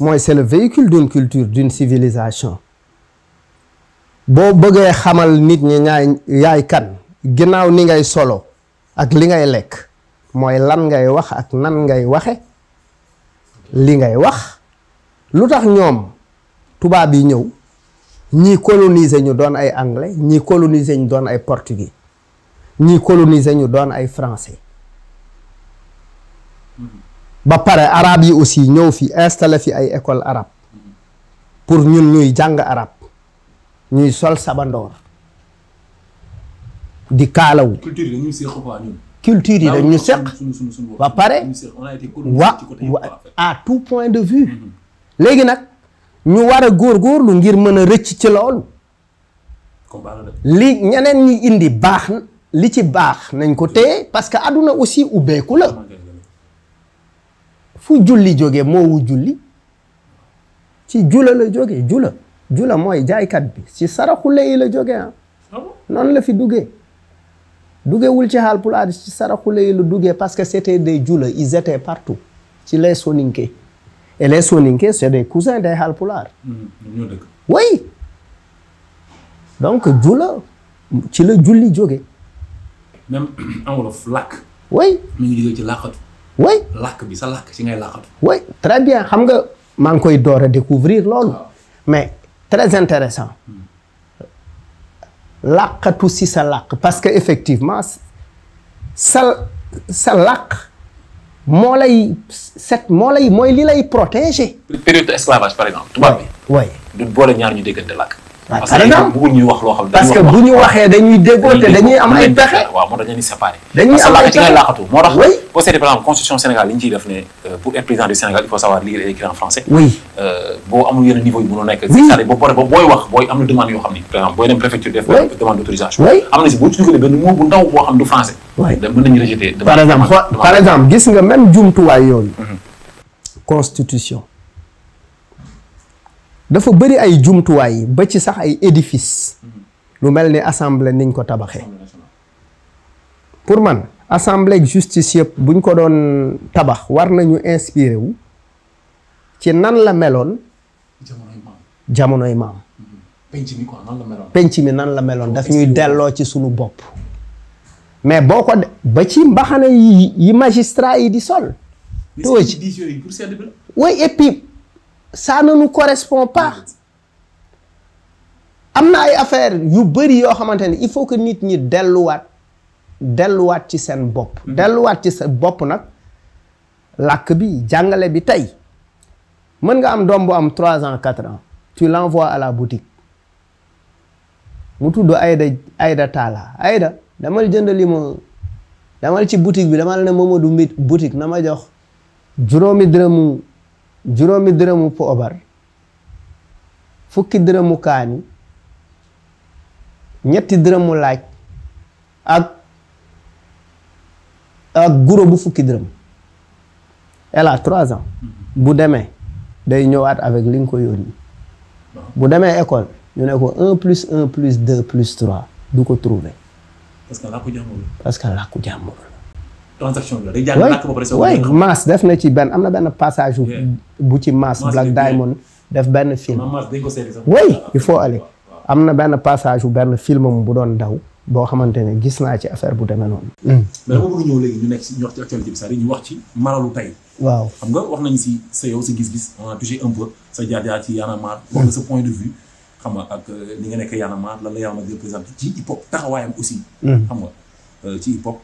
mooy c'est le d'une culture d'une civilisation boo bëggee xamal nit ñi ñaay yaay kan ginnaaw ni ngay solo ak li ngay lekk mooy lan ngay wax ak nan ngay waxe li ngay wax lu tax ñoom tubaab yi ñëw ñii coloniser ñu doon ay anglais ñii colonise ñu doon ay portugais ñii coloniser ñu doon ay français mm-hmm. ba pare arab yi aussi ñëw fi installé fi ay école arabe pour ñun ñuy jàng arab ñuy sol sabandoor di kaalawu culture yi dañu seq ba pare wa à tout point de vue mm-hmm. léegi nag ñu war a góorlu ngir mën a rëcc ci loolu li ñeneen ñi indi baax li ci baax nañ ko téye parce que àdduna aussi ubbeeku la fu julli jóge moowu julli ci jula la jóge jula jula mooy jaaykat bi ci saraxule yi la jóge ah, ah noonu la fi duggee duggewul ci Haalpulaar ci saraxule yi la duggee parce que c'était des jula ils étaient partout ci les soninke et les soninke c'est des cousins des Haalpulaar hmm, oui donc jula ci la julli jóge même en wolof oui làkk bi sa làkk ci ngay làkkatu. oui très bien xam nga maa ngi koy door a découvrir loolu. mais très intéressant hmm. làkkatu si sa làkk parce que effectivement sa sa làkk moo lay set moo lay mooy li lay protéger. période esclavage par exemple. tubaab du boole ñaar ñu déggante làkk. waaw par exemple bëggul ñuy wax loo xam parce que bu ñu waxee dañuy déggoo te dañuy am ay pexe waaw moo tax dañuy séparé dañuy am ay pexe parce que laaxati ngay laaxatu moo tax boo seetee par exemple constitution Sénégal li ñu ciy def ne euh, pour être président du Sénégal il faut savoir lire et écrire en français oui euh, boo amul yenn niveau yi mënoo nekk c'est-à-dire boo paree booy wax booy am na demande yoo xam ni par exemple booy dem préfecture def demande d'autorisation am na si boo ci dugalee benn mot bu ndaw boo xam du français da mën nañu rejeter par exemple gis nga même jumtuwaay yooyu mhm. constitution dafa bëri ay jumtuwaay ba ci sax ay édifice lu mel ni assemblée niñ ko tabaxee pour man assemblée justice yëpp buñ ko doon tabax war nañu inspiré wu ci nan la meloon jamonoy maam penc mi nan la meloon daf ñuy delloo ci sunu bopp mais boo ko ba ci mbaxana yi yi magistrat yi di sol. te oui et ça ne nous correspond pas am na ay affaire yu bëri yoo xamante ni il faut que nit ñi delluwaat delluwaat ci seen bopp mm-hmm. delluwaat ci seen bopp nag lakk bi jàngale bi tey mën nga am doom bu am trois ans quatre ans tu l'envoies à la boutique mu tudd ayda Aïda Talla Aïda damal jënd li ma damal ci boutique bi damal ne Mamadou Mbit boutique na ma jox juróomi dërëmu juróomi dërëmu poobar fukki dërëmu kaani ñetti dërëmu laaj ak ak guro bu fukki dërëm elle a trois ans bu demee day ñëwaat avec li nga ko yónni bu demee école ñu ne ko un plus un plus deux plus trois du ko trouver parce que làkku jàmbur parce que làkku jàmbur transaction bi la waay Mass def na ci benn am na benn passage. bu ci Mass Black Diamond def benn film. Mass dañ ko seeti sax. waay il faut aller am na benn passage bu benn filmam bu doon daw. boo xamante ne gis naa ci affaire bu demee noonu. Hmm. mais dama bëgg ñëw léegi ñu nekk si ñu wax ci bi wax ci nga si sa yow gis-gis on a touché sa jaar-jaar ci Y'en a marre. sa point de xam nga ak euh, ni nekk Y'en a marre lan la Y'en a marre représenté ci hip hop taxawaayam aussi. Hmm. xam nga euh, ci hip hop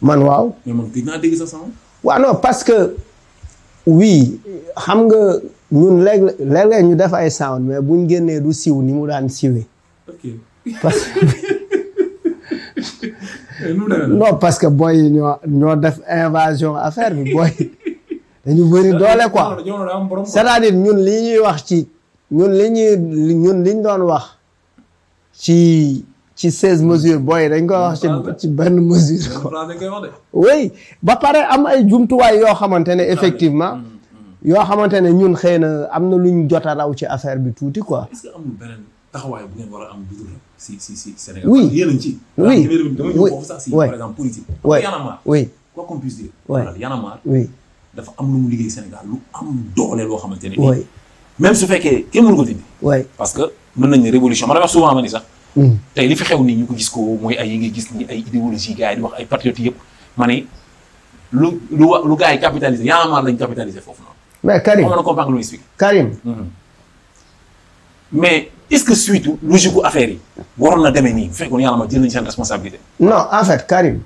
man waaw. mais man gis naa dégg sa son. waaw non parce que oui xam nga ñun léeg léeg ñu def ay sound mais buñ génnee du siw ni mu daan siwee. ok parce que. non parce que boy yi ñoo ñoo def invasion affaire bi boy dañu bëri doole quoi c'est-à-dire ñun li ñuy wax ci ñun li ñuy ñun liñ doon wax ci. ci seize mesures booy dañ koy wax ci ci benn mesure oui ba pare am ay jumtuwaay yoo xamante ne effectivement mm, mm, mm. yoo xamante ne ñun xëy na am na lu ñu jota raw ci affaire bi tuuti quoi est-ce que amul beneen taxawaay bu ngeen war a am a a marre dafa am lu mu liggéey Sénégal lu am doole loo xamante ne même su fekkee kenn mënu ko dindi parce que mën nañ ne révolution man na wax souvent ma ni sax Mm. tey li fi xew nii ñu ko gis ko mooy ay yi nga gis ni ay idéologie gars yi di wax ay patriotes yëpp ma ne lu lu wa lu gars yi capitalisé yaa maar lañ capitalisé foofu noonu. mais Karim xam nga comprendre lu muy expliqué. Karim. Mm-hmm. mais est-ce que suite logique gu affaire yi waroon na demee nii bu fekkoon yàlla ma jël nañ seen responsabilité. non en fait Karim.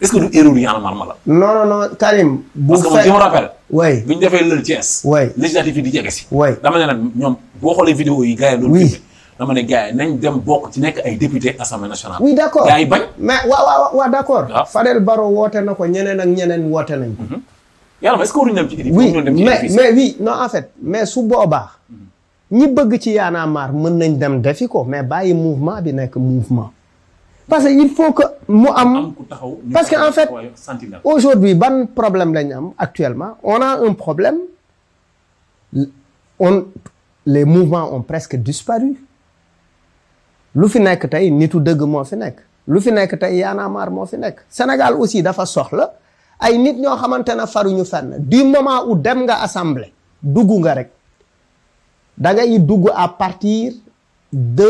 est-ce que du erreur yi yàlla ma la. non non non bu fekk parce que je me rappelle. oui ñu defee lël Thiès. oui législative yi di jege si. oui dama la ñoom boo xoolee vidéo yi gars yi. dama ne gars yi nañ dem bokk ci nekk ay député assemblée nationale. oui d' accord gars yi bañ. mais waaw waaw waaw na ko ñeneen ak ñeneen woote nañ ko. Mhm. yàlla est ce que waruñu dem ci mais mais oui en fait mais su boobaa. Mhm. ñi bëgg ci Y'en a mën nañ dem defi ko mais bàyyi mouvement bi nekk mouvement. parce que il faut que mu am parce que en fait aujourd'hui ban problème lañ am actuellement on a un problème on les mouvements ont presque disparu lu fi nekk tey nitu dëgg moo fi nekk lu fi nekk tey Y'en a marre moo fi nekk Sénégal aussi dafa soxla ay nit ñoo xamante ne faruñu fenn du moment où dem nga assemblée dugg nga rek da ngay dugg à partir de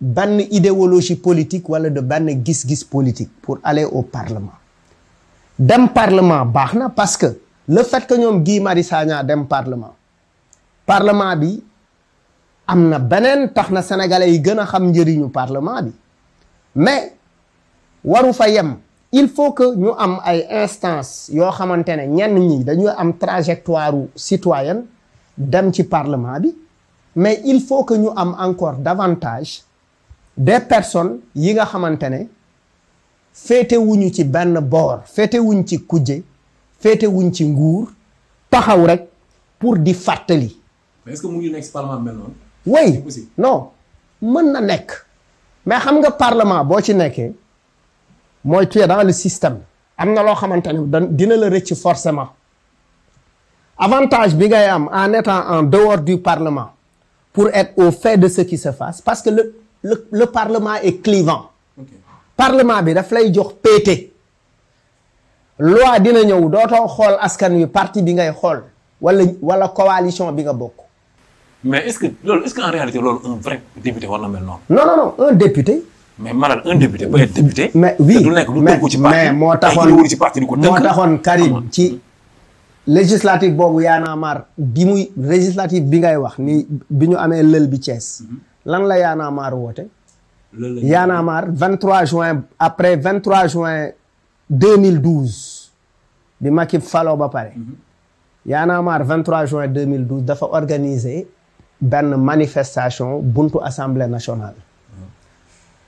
benn idéologie politique wala de benn gis-gis politique pour aller au parlement dem parlement baax na parce que le fait que ñoom Guy Marius Sagna dem parlement parlement bi am na beneen tax na sénégalais yi gën a xam njëriñu parlement bi mais waru fa yem il faut que ñu am ay instance yoo xamante ne ñenn ñi dañuy am trajectoire citoyenne dem ci parlement bi mais il faut que ñu am encore davantage des personnes yi nga xamante ne féetewuñu ci benn boor féetewuñ ci kujje féetewuñ ci nguur taxaw rek pour di fàttali. mais est-ce que oui non mën na nekk mais xam nga parlement boo ci nekkee mooy tu es dans le système am na loo xamante ne da dina la rëcc forcément avantage bi ngay am en étant en dehors du parlement pour être au fait de ce qui se passe parce que le le, parlement est clivant parlement bi daf lay jox pété loi dina ñëw dootoo xool askan wi parti bi ngay xool wala wala coalition bi nga bokk mais est-ce que loolu est-ce que en réalité loolu un vrai député war na mel noonu. député. mais maanaam un député peut être député. mais oui mais du nekk lu tënku ci parti mais moo taxoon ci parti ko moo taxoon Karim ci. législative boobu Y'en a marre bi muy législative bi ngay wax ni bi ñu amee lël bi Thiès. Mhm. lan la Y'en a woote. lël mhm. Y'en a marre 23 après 23 juin 2012 bi Macky faloo ba pare. Y'en a marre 23 juin 2012 dafa organiser. benn manifestation buntu assemblée nationale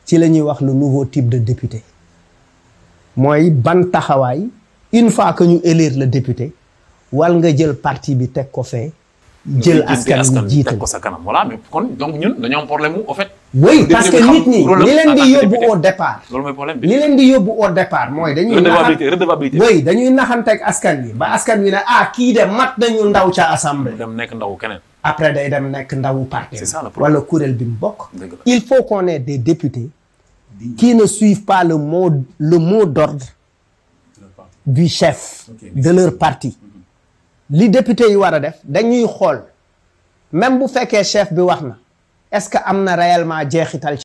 ci la ñuy wax le nouveau type de député mooy ban taxawaay une fois que ñu élire le député wal nga jël parti bi teg ko fee. jël askan wi jiital ko sa kanam voilà kon donc ñun dañoo am problème mu au fait. oui parce que nit ñi li leen di yóbbu au départ. loolu bi leen di yóbbu au départ mooy. dañuy redevabilité redevabilité. dañuy naxanteeg askan wi ba askan wi ne ah kii de mat nañu ndaw ca assemblée. dem nekk ndaw keneen. après day dem nekk ndawu parti wala kuréel bi mu bokk il faut qu'on des députés qui ne suivent pas le mot mot d'ordre du chef de leur parti li député yi war a def dañuy xool même bu fekkee chef bi wax na est-ce que am na réellement jeexital